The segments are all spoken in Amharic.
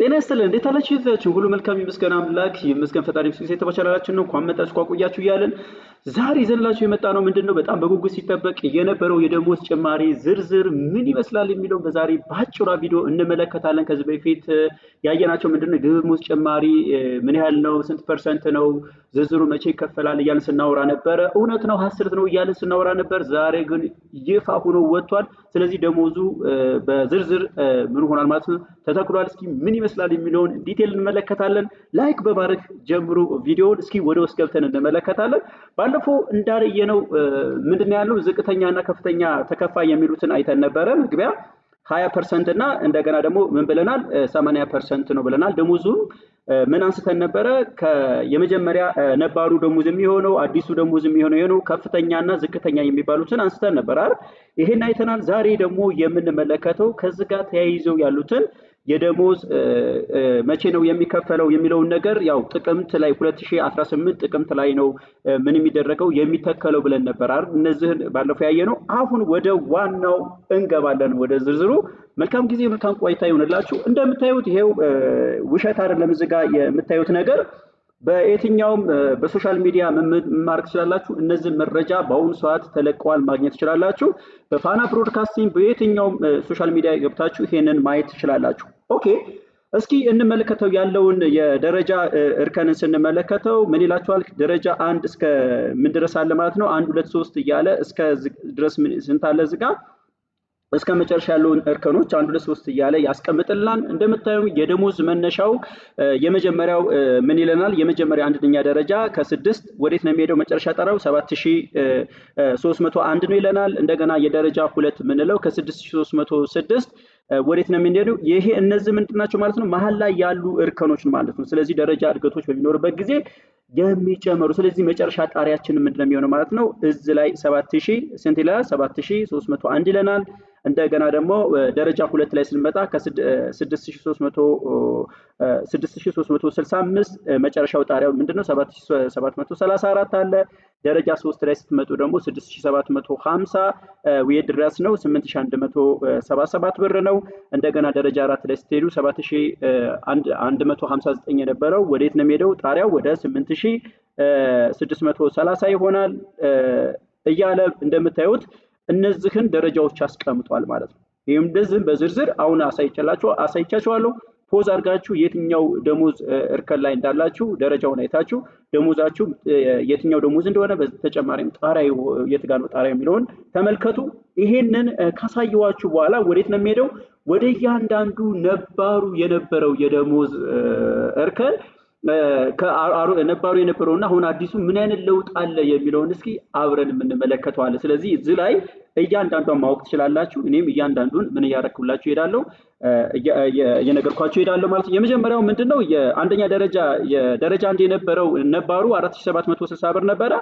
ጤና ይስጥልን። እንዴት አላችሁ? ይዛችሁ ሁሉ መልካም ይመስገን አምላክ ይመስገን ፈጣሪ ምስክሬ። የተባቻላችሁ ነው እንኳን መጣችሁ ቋቁያችሁ እያለን ዛሬ ይዘንላችሁ የመጣ ነው ምንድን ነው በጣም በጉጉት ሲጠበቅ የነበረው የደሞዝ ጭማሪ ዝርዝር ምን ይመስላል የሚለው በዛሬ በአጭሯ ቪዲዮ እንመለከታለን። ከዚህ በፊት ያየናቸው ምንድን ነው የደሞዝ ጭማሪ ምን ያህል ነው፣ ስንት ፐርሰንት ነው፣ ዝርዝሩ መቼ ይከፈላል እያለን ስናወራ ነበረ። እውነት ነው ሀስርት ነው እያለን ስናወራ ነበር። ዛሬ ግን ይፋ ሆኖ ወጥቷል። ስለዚህ ደሞዙ በዝርዝር ምን ሆናል ማለት ነው ተተክሏል። እስኪ ምን ይመስላል የሚለውን ዲቴል እንመለከታለን። ላይክ በማድረግ ጀምሩ ቪዲዮውን። እስኪ ወደ ውስጥ ገብተን እንመለከታለን። ባለፈው ነው ምንድን ያለው ዝቅተኛና ከፍተኛ ተከፋይ የሚሉትን አይተን ነበረ መግቢያ ሀያ ፐርሰንት እና እንደገና ደግሞ ምን ብለናል? ሰማንያ ፐርሰንት ነው ብለናል። ደሞዙ ምን አንስተን ነበረ? የመጀመሪያ ነባሩ ደሞዝ የሚሆነው አዲሱ ደሞዝ የሚሆነው የሆነው ከፍተኛና ዝቅተኛ የሚባሉትን አንስተን ነበር አይደል? ይሄን አይተናል። ዛሬ ደግሞ የምንመለከተው ከዚህ ጋር ተያይዘው ያሉትን የደሞዝ መቼ ነው የሚከፈለው የሚለውን ነገር ያው ጥቅምት ላይ 2018 ጥቅምት ላይ ነው ምን የሚደረገው የሚተከለው ብለን ነበር አይደል? እነዚህን ባለፈው ያየ ነው። አሁን ወደ ዋናው እንገባለን፣ ወደ ዝርዝሩ። መልካም ጊዜ፣ መልካም ቆይታ ይሆንላችሁ። እንደምታዩት ይሄው ውሸት አይደለም እዚህ የምታዩት ነገር በየትኛውም በሶሻል ሚዲያ መማረክ ትችላላችሁ። እነዚህ መረጃ በአሁኑ ሰዓት ተለቀዋል፣ ማግኘት ትችላላችሁ። በፋና ብሮድካስቲንግ በየትኛውም ሶሻል ሚዲያ ገብታችሁ ይሄንን ማየት ትችላላችሁ። ኦኬ እስኪ እንመለከተው ያለውን የደረጃ እርከንን ስንመለከተው ምን ይላችኋል? ደረጃ አንድ እስከ ምን ድረስ አለ ማለት ነው? አንድ ሁለት ሶስት እያለ እስከ ድረስ ስንት አለ እዚህ ጋር እስከ መጨረሻ ያለውን እርከኖች አንዱ ለሶስት ሶስት እያለ ያስቀምጥልናል። እንደምታየው የደሞዝ መነሻው የመጀመሪያው ምን ይለናል? የመጀመሪያ አንደኛ ደረጃ ከስድስት ወዴት ነው የሚሄደው? መጨረሻ ጠራው ሰባት ሺ ሶስት መቶ አንድ ነው ይለናል። እንደገና የደረጃ ሁለት ምንለው ከስድስት ሺ ሶስት መቶ ስድስት ወዴት ነው የምንሄደው? ይሄ እነዚህ ምንድን ናቸው ማለት ነው? መሀል ላይ ያሉ እርከኖች ማለት ነው። ስለዚህ ደረጃ እድገቶች በሚኖርበት ጊዜ የሚጨመሩ ስለዚህ መጨረሻ ጣሪያችን ምንድን ነው የሚሆነው ማለት ነው? እዚህ ላይ ሰባት ሺ ስንት ይለናል? ሰባት ሺ ሶስት መቶ አንድ ይለናል። እንደገና ደግሞ ደረጃ ሁለት ላይ ስንመጣ ከ6365 መጨረሻው ጣሪያው ምንድነው 7734 አለ። ደረጃ ሶስት ላይ ስትመጡ ደግሞ 6750 ውዬ ድረስ ነው 8177 ብር ነው። እንደገና ደረጃ አራት ላይ ስትሄዱ 7159 የነበረው ወዴት ነው የሚሄደው? ጣሪያው ወደ 8630 ይሆናል እያለ እንደምታዩት እነዚህን ደረጃዎች አስቀምጧል ማለት ነው። ይህም እንደዚህም በዝርዝር አሁን አሳይቻችኋለሁ። ፖዝ አድርጋችሁ የትኛው ደሞዝ እርከን ላይ እንዳላችሁ ደረጃውን አይታችሁ ደሞዛችሁ የትኛው ደሞዝ እንደሆነ በተጨማሪም ጣሪያ የት ጋር ነው ጣሪያ የሚለውን ተመልከቱ። ይሄንን ካሳየዋችሁ በኋላ ወዴት ነው የሚሄደው? ወደ እያንዳንዱ ነባሩ የነበረው የደሞዝ እርከን ነባሩ የነበረው እና አሁን አዲሱ ምን አይነት ለውጥ አለ የሚለውን እስኪ አብረን የምንመለከተዋለን። ስለዚህ እዚህ ላይ እያንዳንዷን ማወቅ ትችላላችሁ። እኔም እያንዳንዱን ምን እያረክብላችሁ ሄዳለሁ እየነገርኳቸው ሄዳለሁ ማለት ነው። የመጀመሪያው ምንድን ነው? የአንደኛ ደረጃ የደረጃ አንድ የነበረው ነባሩ 4760 ብር ነበረ።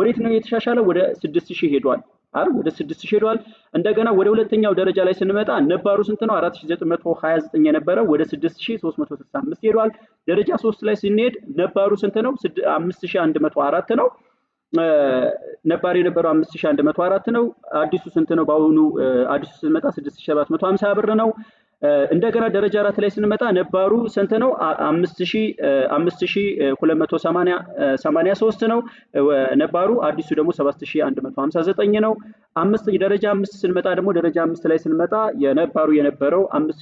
ወዴት ነው የተሻሻለው? ወደ 6000 ሄዷል። አይደል ወደ 6 ሄዷል። እንደገና ወደ ሁለተኛው ደረጃ ላይ ስንመጣ ነባሩ ስንት ነው? 4929 የነበረው ወደ 6365 ሄዷል። ደረጃ 3 ላይ ስንሄድ ነባሩ ስንት ነው? 5104 ነው። ነባሩ የነበረው 5104 ነው። አዲሱ ስንት ነው? በአሁኑ አዲሱ ስንመጣ 6750 ብር ነው። እንደገና ደረጃ አራት ላይ ስንመጣ ነባሩ ስንት ነው? አምስት ሺ ሁለት ሶስት ነው ነባሩ። አዲሱ ደግሞ ሰባት ሺ አንድ መቶ ሀምሳ ዘጠኝ ነው። ደረጃ አምስት ስንመጣ ደግሞ ደረጃ አምስት ላይ ስንመጣ የነባሩ የነበረው አምስት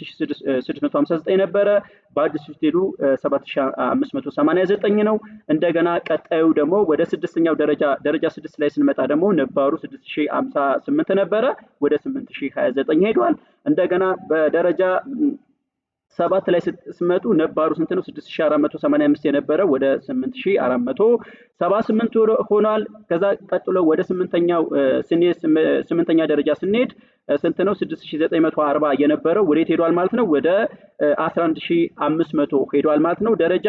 ስድስት መቶ ሀምሳ ዘጠኝ ነበረ። በአዲሱ ስትሄዱ 7589 ነው። እንደገና ቀጣዩ ደግሞ ወደ ስድስተኛው ደረጃ ደረጃ ስድስት ላይ ስንመጣ ደግሞ ነባሩ 6058 ነበረ፣ ወደ 8029 ሄደዋል። እንደገና በደረጃ ሰባት ላይ ስትመጡ ነባሩ ስንት ነው? 6485 የነበረው ወደ 8478 ሆኗል። ከዛ ቀጥሎ ወደ ስምንተኛው ስንሄድ ስምንተኛ ደረጃ ስንሄድ ስንት ነው? 6940 የነበረው ወዴት ሄዷል ማለት ነው? ወደ 11500 ሄዷል ማለት ነው። ደረጃ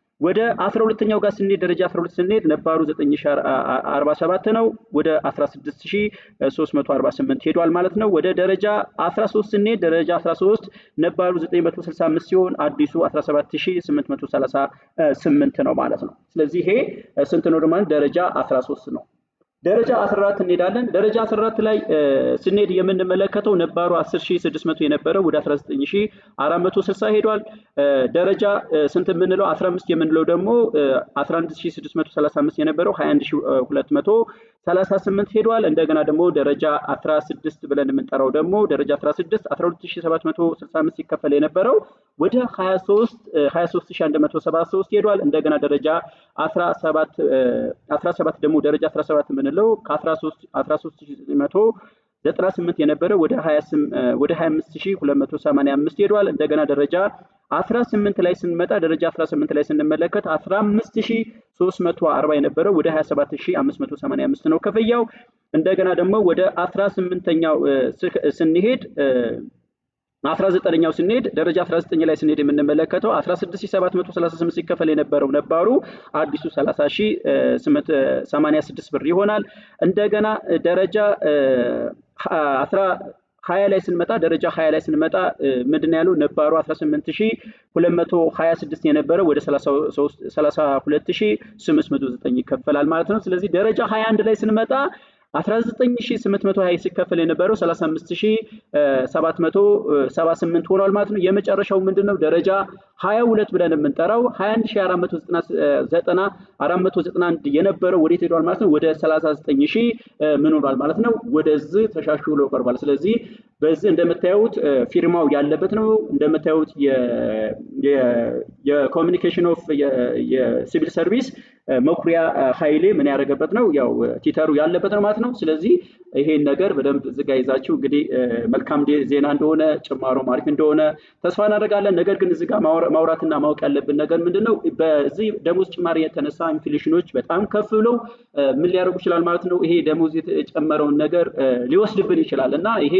ወደ 12ኛው ጋር ስንሄድ ደረጃ 12 ስንሄድ ነባሩ 9047 ነው። ወደ 16348 ሄዷል ማለት ነው። ወደ ደረጃ 13 ስንሄድ ደረጃ 13 ነባሩ 965 ሲሆን አዲሱ 17838 ነው ማለት ነው። ስለዚህ ይሄ ስንት ነው? ደረጃ 13 ነው። ደረጃ 14 እንሄዳለን። ደረጃ 14 ላይ ስንሄድ የምንመለከተው ነባሩ 10600 የነበረው ወደ 19460 ሄዷል። ደረጃ ስንት የምንለው 15 የምንለው ደግሞ 11635 የነበረው 21200 38 ሄዷል። እንደገና ደግሞ ደረጃ 16 ብለን የምንጠራው ደግሞ ደረጃ 16 12765 ሲከፈል የነበረው ወደ 23173 ሄዷል። እንደገና ደረጃ 17 ደግሞ ደረጃ 17 የምንለው ከ13 98 የነበረ ወደ 25285 ሄዷል። እንደገና ደረጃ 18 ላይ ስንመጣ ደረጃ 18 ላይ ስንመለከት 15340 የነበረው ወደ 27585 ነው ክፍያው። እንደገና ደግሞ ወደ 18ኛው ስንሄድ 19ኛው ስንሄድ ደረጃ 19 ላይ ስንሄድ የምንመለከተው 16738 ሲከፈል የነበረው ነባሩ አዲሱ 30886 ብር ይሆናል። እንደገና ደረጃ ሀያ ላይ ስንመጣ ደረጃ ሀያ ላይ ስንመጣ ምንድን ያለው ነባሩ 18226 የነበረ ወደ 32809 ይከፈላል ማለት ነው። ስለዚህ ደረጃ 21 ላይ ስንመጣ 19820 ሲከፈል የነበረው 35778 ሆኗል ማለት ነው። የመጨረሻው ምንድነው? ደረጃ 22 ብለን የምንጠራው 21491 የነበረው ወዴት ሄዷል ማለት ነው? ወደ 39000 ምን ሆኗል ማለት ነው? ወደዚህ ተሻሽሎ ቀርቧል። ስለዚህ በዚህ እንደምታዩት ፊርማው ያለበት ነው። እንደምታዩት የኮሚኒኬሽን ኦፍ የሲቪል ሰርቪስ መኩሪያ ኃይሌ ምን ያደረገበት ነው? ያው ቲተሩ ያለበት ነው ማለት ነው። ስለዚህ ይሄን ነገር በደንብ ዝጋ ይዛችሁ እንግዲህ መልካም ዜና እንደሆነ ጭማሮ አሪፍ እንደሆነ ተስፋ እናደርጋለን። ነገር ግን እዚጋ ማውራትና ማወቅ ያለብን ነገር ምንድን ነው? በዚህ ደሞዝ ጭማሪ የተነሳ ኢንፍሌሽኖች በጣም ከፍ ብለው ምን ሊያደርጉ ይችላል ማለት ነው። ይሄ ደሞዝ የተጨመረውን ነገር ሊወስድብን ይችላል እና ይሄ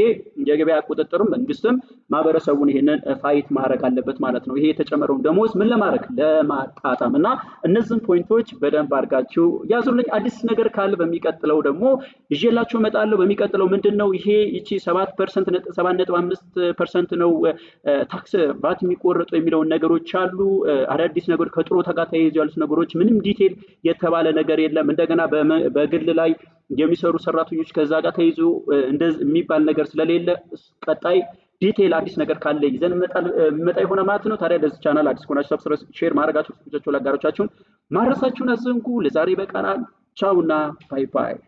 የገበያ ቁጥጥርም መንግስትም ማህበረሰቡን ይሄንን ፋይት ማድረግ አለበት ማለት ነው። ይሄ የተጨመረውን ደሞዝ ምን ለማድረግ ለማጣጣም እና እነዚህን ፖይንቶች በደንብ አድርጋችሁ ያዙልኝ። አዲስ ነገር ካለ በሚቀጥለው ደግሞ ይዤላችሁ እመጣለሁ። በሚቀጥለው ምንድን ነው ይሄ ይቺ ሰባት ፐርሰንት ሰባት ነጥብ አምስት ፐርሰንት ነው ታክስ ባት የሚቆረጡ የሚለውን ነገሮች አሉ። አዳዲስ ነገሮች ከጥሮታ ጋር ተያይዞ ያሉት ነገሮች ምንም ዲቴል የተባለ ነገር የለም። እንደገና በግል ላይ የሚሰሩ ሰራተኞች ከዛ ጋር ተይዞ የሚባል ነገር ስለሌለ ቀጣይ ዲቴይል አዲስ ነገር ካለ ይዘን መጣ የሆነ ማለት ነው። ታዲያ ለዚህ ቻናል አዲስ ከሆናችሁ ሰብስክራይብ፣ ሼር ማድረጋችሁ ለአጋሮቻችሁን ማድረሳችሁን አዘንጉ። ለዛሬ በቃናል። ቻውና ባይ ባይ።